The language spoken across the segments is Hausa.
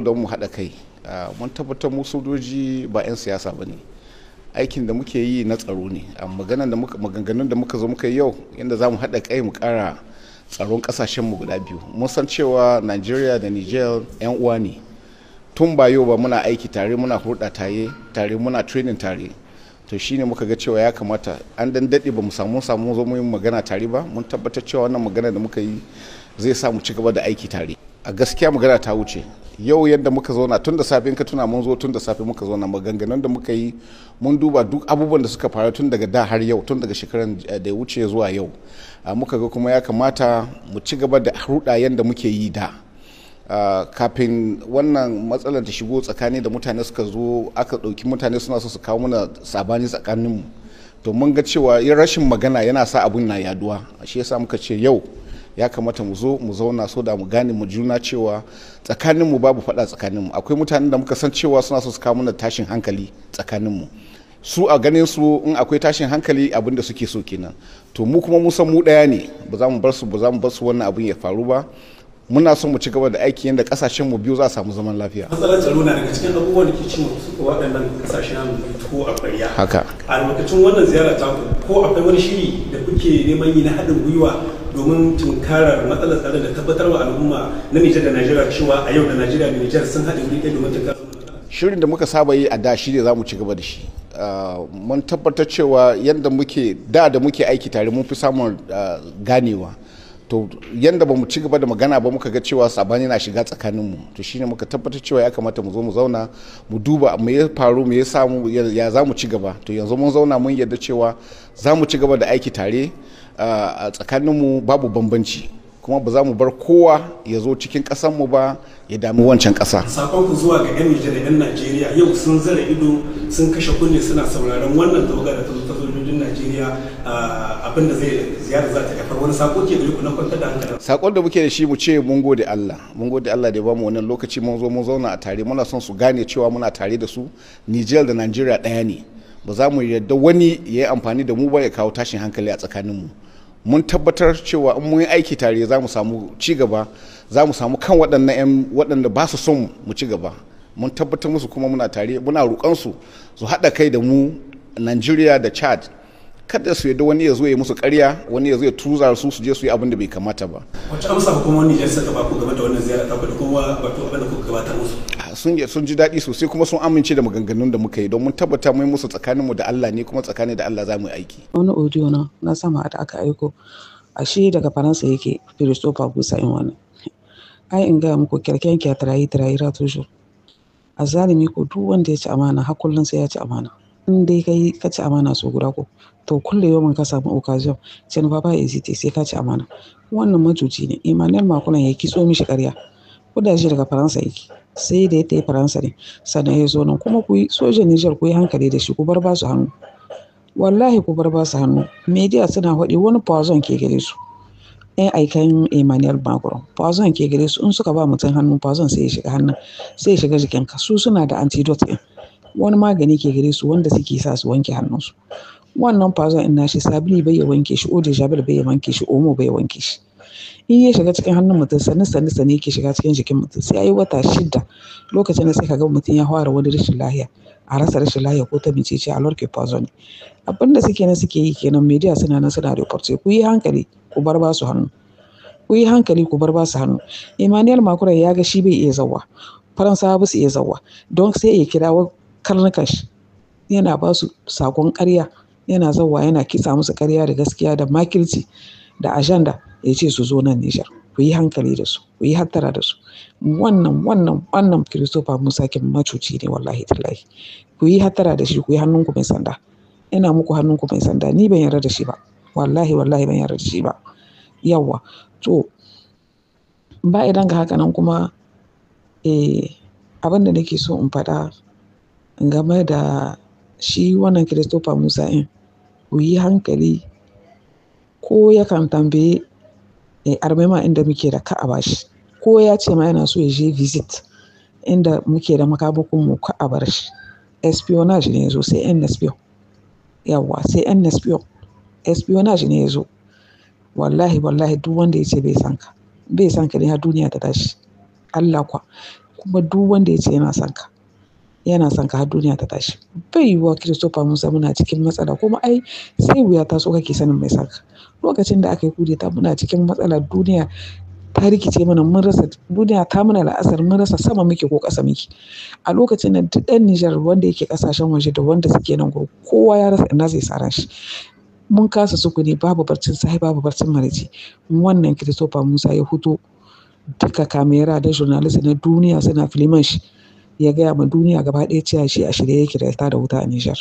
don mu haɗa kai ah, mun tabbatar mu sojoji ba 'yan siyasa ba ne aikin da muke yi na tsaro ne ah, maganganun da muka zo muka yi yau inda za mu haɗa kai mu ƙara tsaron mu guda biyu mun san cewa nigeria da niger 'yan uwa ne tun ba yau ba muna aiki tare muna hulɗa tare tare muna training tare to shine muka ga cewa ya kamata an dan daɗe ba mu samu samu zo mu yi magana tare ba mun tabbatar cewa wannan magana da muka yi zai sa mu ci gaba da aiki tare a gaskiya magana ta wuce yau yadda muka zauna tun da safe ka tuna mun zo tun da safe muka zauna maganganun da muka yi mun duba duk abubuwan da suka faru tun daga da har yau tun daga shekaran eh, da ya wuce zuwa yau ah, muka ga kuma ya kamata mu ci gaba da hurɗayen yadda muke yi da ah, kafin wannan matsalar ta shigo tsakani da mutane suka zo aka ɗauki mutane suna so su kawo mana sabani tsakaninmu to mun ga cewa rashin magana yana sa abun na yaduwa shi yasa muka ce yau ya kamata mu zo mu zauna so da mu gane mu juna cewa tsakaninmu babu faɗa mu akwai mutanen da muka san cewa suna so su kawo mana tashin hankali tsakanin mu su a ganin su in akwai tashin hankali abin da suke so kenan to mu kuma mu san mu ɗaya ne ba za mu bar su ba za mu bar su wannan abin ya faru ba muna son mu ci gaba da aiki yadda kasashen mu biyu za a samu zaman lafiya matsalar tsaro na daga cikin abubuwan da ke cin suka waɗannan kasashen mu ko a ƙarya. haka a lokacin wannan ziyara ta ku ko akwai wani shiri da kuke neman yi na haɗin gwiwa domin tunkarar matsalar tsaro da tabbatarwa al'umma na Nijar da Najeriya cewa a yau da Najeriya da Nijar sun haɗin gwiwa domin tunkarar shirin da muka saba yi a da shi ne za mu ci gaba da shi ah, mun tabbatar cewa yadda muke da da muke aiki tare mun fi samun ah, ganewa to yadda ba mu ci gaba da magana ba muka ga cewa sabani na shiga tsakaninmu to shine muka tabbatar cewa ya kamata mu zo mu zauna mu duba me ya faru me ya samu ya za mu ci gaba to yanzu mun zauna mun yadda cewa za mu ci gaba da aiki tare a mu babu bambanci kuma ba za mu bar kowa ya zo cikin mu ba ya dami wancan ƙasa. ku zuwa ga 'yan Nijar da yau sun zara ido sun kashe kunne suna sauraron wannan tawaga da ta zo Najeriya ah, da Sakon da muke da shi mu ce mun gode Allah mun gode Allah da ya bamu wannan lokaci mun zo mun zauna a tare muna son su gane cewa muna tare da su Nijar da Najeriya ɗaya ne ba za mu yarda wani ya yi amfani da mu ba ya kawo tashin hankali a tsakanin mu. mun tabbatar cewa in mun yi aiki tare za mu samu ci gaba za mu samu kan waɗannan 'yan waɗanda ba su son mu ci gaba mun tabbatar musu kuma muna tare muna su su haɗa kai da mu najeriya da chad kada su yadda wani ya zo ya musu karya wani ya zo ya tuza su su je su yi abin da bai kamata ba wacce amsa ba kuma Nijar suka ba ku game da wannan ziyara ta da kowa wato abin da kuka gabatar musu sun je sun ji daɗi sosai kuma sun amince da maganganun da muka yi don mun tabbata mun musu tsakanin mu da Allah ne kuma tsakanin da Allah za mu yi aiki wani audio na na sama da aka aiko shi daga Faransa yake Christopher Busa in wani ai in ga muku kirken kya tarayi tarayi ra a zalimi ko duk wanda ya ci amana har sai ya ci amana in dai kai ka ci amana so guda ko to kulle yawan ka samu occasion sai fa ba hesitate sai ka ci amana wannan macuci ne Emmanuel Macron ya kitso mishi ƙarya kuda shi daga Faransa yake sai da ya yi Faransa ne sannan ya zo nan kuma ku yi sojan Niger ku yi hankali da shi ku bar ba su hannu wallahi ku bar ba su hannu media suna faɗi wani poison ke gare su ɗan aikan Emmanuel Macron poison ke gare su in suka ba mutum hannu poison sai ya shiga hannun sai ya shiga jikinka su suna da antidote ɗin wani magani ke gare su wanda suke sa su wanke hannunsu wannan fazon in shi sabili bai ya wanke shi oje jabir bai ya wanke shi omo bai ya wanke shi in ya shiga cikin hannun mutum sannu sannu sannu yake shiga cikin jikin mutum sai yi wata shida lokacin da sai ka ga mutum ya fara wani rashin lahiya a rasa rashin lahiya ko ta mecece a lorke fazon abin da suke nan suke yi kenan media suna nan suna report ku yi hankali ku bar basu hannu ku yi hankali ku bar basu hannu emmanuel makura ya ga shi bai iya zawa faransawa ba su iya zawa don sai ya kira karnukan yana ba su sakon karya, yana zauwa yana kitsa musu karya da gaskiya da makirci da ajanda ya ce su zo nan Nijar ku yi hankali da su ku yi hattara da su wannan wannan wannan Christopher Musa kin macuci ne wallahi tallahi ku yi hattara da shi ku yi hannunku mai sanda ina muku hannunku mai sanda ni ban yarda da shi ba wallahi wallahi ban yarda da shi ba yawa to ba idan ga haka nan kuma eh abin da nake so in faɗa game da shi wannan Christopher Musa in ku yi hankali ko ya kan tambaye e, eh, armema inda muke da ka a bashi ko ya ce ma yana so ya je visit inda muke da makabukun mu ka a bar shi espionage ne ya zo sai NSPO naspion yawwa sai NSPO espionage ne ya zo wallahi wallahi duk wanda ya ce bai san ka bai san ka ne har duniya ta tashi Allah kwa kuma duk wanda ya ce yana san ka yana son ka har duniya ta tashi bai yiwuwa Christopher Musa muna cikin matsala kuma ai sai wuya ta so kake sanin mai saka lokacin da aka yi kudeta muna cikin matsala duniya ta rikice mana mun rasa duniya ta muna la'asar mun rasa sama muke ko ƙasa muke a lokacin nan duk ɗan Nijar wanda yake ƙasashen waje da wanda suke nan gurin kowa ya rasa ina zai sara shi mun kasa sukuni babu barcin sahi babu barcin maraice wannan Christopher Musa ya fito duka kamera da journalist na duniya suna filiman shi ya gaya ma duniya gaba ɗaya cewa shi a shirye yake da ya da wuta a Nijar.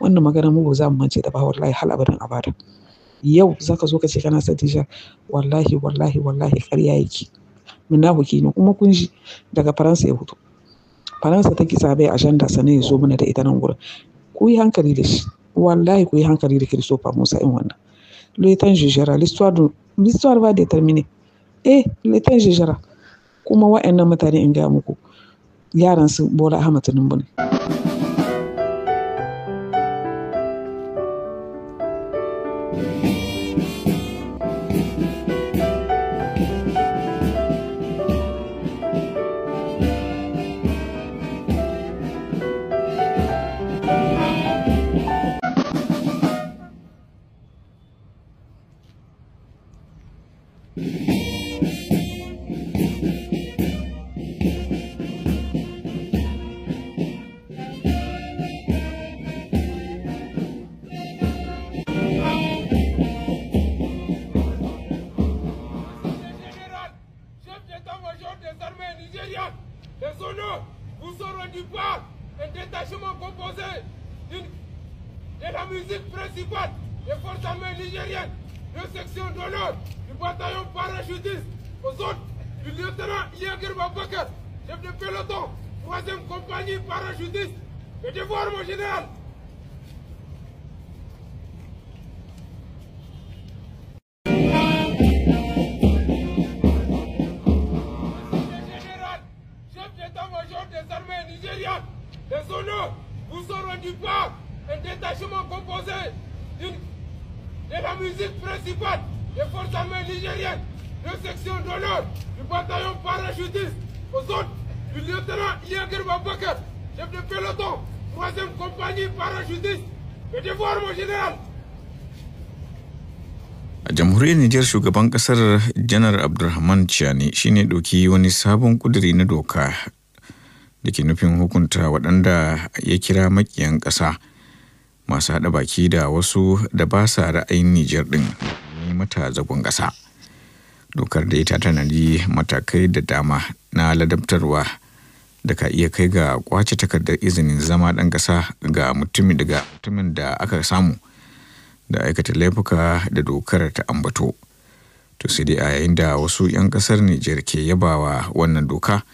Wannan maganar mu ba za mu mance da ba wallahi hal abadan abada. Yau za ka zo ka ce kana son Nijar wallahi wallahi wallahi ƙarya yake. Munafuki ne kuma kun ji daga Faransa ya fito. Faransa ta kisa bai ajanda sanin ya zo mana da ita nan gurin. Ku yi hankali da shi. Wallahi ku yi hankali da Christopher Musa in wannan. Le temps jugera, l'histoire va déterminer. Eh, le temps Kuma wa'annan mutane in gaya muku yaran su Bola Ahmed Tinubu ne. thank you les honneurs vous seront du par un détachement composé de la musique principale des forces armées nigériennes, de section d'honneur du bataillon parachutiste aux autres du lieutenant Yager Babakar, chef de peloton, troisième compagnie parachutiste. Et de voir mon général, principal des forces armées nigériennes, de section d'honneur du bataillon parachutiste, aux autres du lieutenant Yager Babakar, chef de peloton, troisième compagnie parachutiste. Venez voir mon général, A jamhuriyar Nijar shugaban kasar janar Abdurrahman Chani shine doki wani sabon kuduri na doka dake nufin hukunta waɗanda ya kira makiyan ƙasa masu hada baki da wasu da ba sa ra'ayin Nijar din. yi mata zagon ƙasa dokar da ita tana yi matakai da dama na ladabtarwa da ka iya kai ga kwace takardar izinin zama ɗan ƙasa ga mutumin daga mutumin da aka samu da aikata laifuka da dokar ta ambato to sai dai a yayin da wasu 'yan ƙasar Nijar ke yabawa wannan doka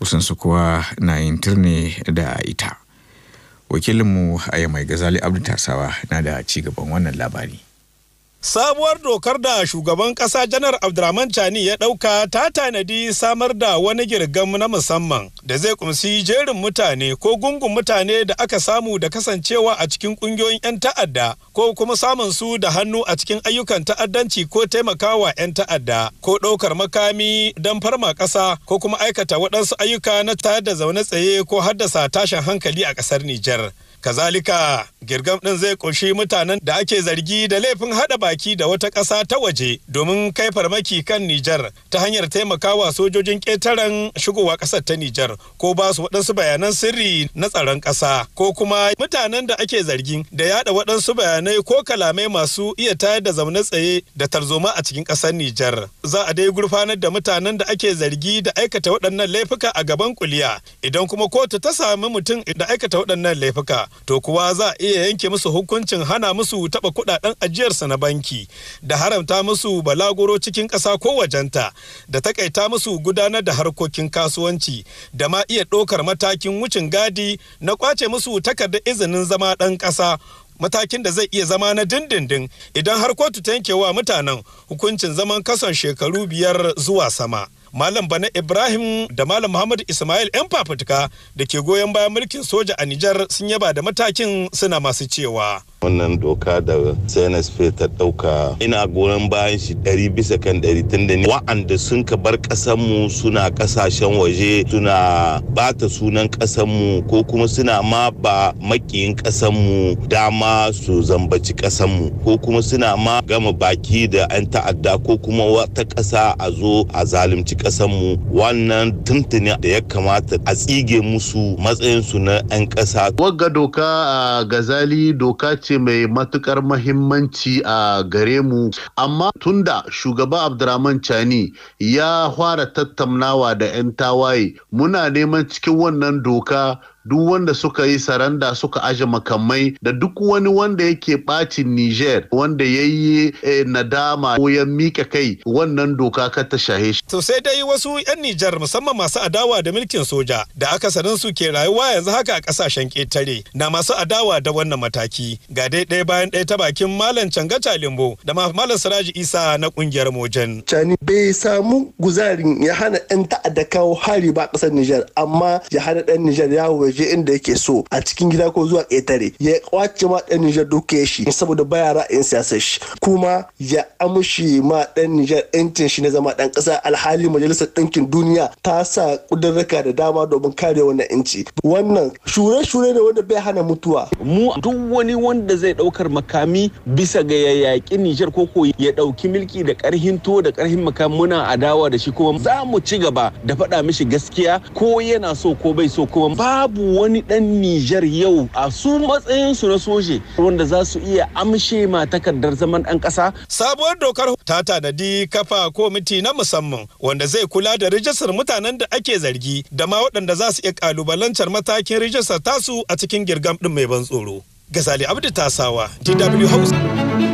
wasansu kuwa na yin turne da ita wakilinmu a mai gazali abdu tasawa na da cigaban wannan labari sabuwar dokar da shugaban kasa janar abdurrahman chani ya dauka ta tanadi samar da wani girgam na musamman da zai kumsi jerin mutane ko gungun mutane da aka samu da kasancewa a cikin kungiyoyin 'yan ta'adda ko kuma samun su da hannu a cikin ayyukan ta'addanci ko taimakawa 'yan ta'adda ko ɗaukar makami don farma ƙasa ko kuma aikata waɗansu ayyuka na tayar zaune tsaye ko haddasa tashin hankali a ƙasar Nijar. kazalika girgam ɗin zai ƙunshi mutanen da ake zargi da laifin haɗa baki da wata ƙasa ta waje domin kai farmaki kan nijar ta hanyar taimakawa sojojin ƙetaren shigowa ƙasar ta nijar ko ba su waɗansu bayanan sirri na tsaron ƙasa ko kuma mutanen da ake zargin da yaɗa waɗansu bayanai ko kalamai masu iya tayar da zaune tsaye da tarzoma a cikin ƙasar nijar za a dai gurfanar da mutanen da ake zargi da aikata waɗannan laifuka a gaban kuliya idan kuma kotu ta sami mutum da aikata waɗannan laifuka to kuwa za a iya yanke musu hukuncin hana musu taɓa kuɗaɗen ajiyarsa na banki da haramta musu balaguro cikin ƙasa ko wajenta da takaita musu gudanar da harkokin kasuwanci da ma iya ɗaukar matakin wucin gadi na kwace musu takardar izinin zama ɗan ƙasa matakin da zai iya zama na dindindin idan har kotu ta yanke wa mutanen hukuncin zaman kasan shekaru biyar zuwa sama. Malam Bana Ibrahim da Malam Muhammad Ismail 'yan fafutuka da ke goyon bayan mulkin soja a Nijar sun yaba da matakin suna masu cewa. wannan doka da cnsp ta ɗauka. ina goyon bayan shi ɗari bisa kan ɗari tunda ni. wa'anda sun ka bar ƙasanmu suna ƙasashen waje suna bata sunan ƙasanmu ko kuma suna ma ba makiyin ƙasanmu dama su zambaci ƙasanmu ko kuma suna ma gama baki da 'yan ta'adda ko kuma wata ƙasa a zo a zalunci mu wannan tuntuni da ya kamata a tsige musu matsayinsu na 'yan ƙasa. Wagga doka a gazali doka ce mai matukar mahimmanci a gare mu amma tunda shugaba Abdurrahman Chani ya fara tattaunawa da 'yan tawaye muna neman cikin wannan doka duk wanda suka yi saranda suka aje makamai da duk wani wanda yake ɓacin Niger wanda ya yi eh, nadama ko ya mika kai wannan doka ka ta shahe shi. To sai dai wasu 'yan Nijar musamman masu adawa da mulkin soja da aka sanin su ke rayuwa yanzu haka a kasashen ƙetare na masu adawa da wannan mataki. Ga dai ɗaya bayan ɗaya ta bakin Malam Canga Calimbo da Malam Siraji Isa na ƙungiyar mojen Cani bai samu guzarin ya hana 'yan ta'adda kawo hari ba ƙasar Nijar amma ya hana ɗan Nijar yawo waje inda yake so a cikin gida ko zuwa ƙetare ya kwace ma ɗan Nijar ya shi saboda baya ra'ayin siyasar shi kuma ya amshi ma ɗan Nijar ɗancin shi na zama ɗan ƙasa alhali majalisar ɗinkin duniya ta sa ƙudurruka da dama domin kare wannan inci wannan shure-shure ne wanda bai hana mutuwa. Mu duk wani wanda zai ɗaukar makami bisa ga ya yaƙi Nijar ko ko ya ɗauki milki da ƙarhin to da ƙarhin makami muna adawa da shi kuma za mu ci gaba da faɗa mishi gaskiya ko yana so ko bai so kuma babu babu wani ɗan Nijar yau a su matsayinsu na soje wanda za su iya amshe ma takardar zaman ɗan ƙasa. Sabuwar dokar ta tanadi kafa komiti na musamman wanda zai kula da rijistar mutanen da ake zargi da ma waɗanda za su iya ƙalubalancar matakin rijistar tasu a cikin girgam ɗin mai ban tsoro. Gazali Abdu Tasawa, DW Hausa.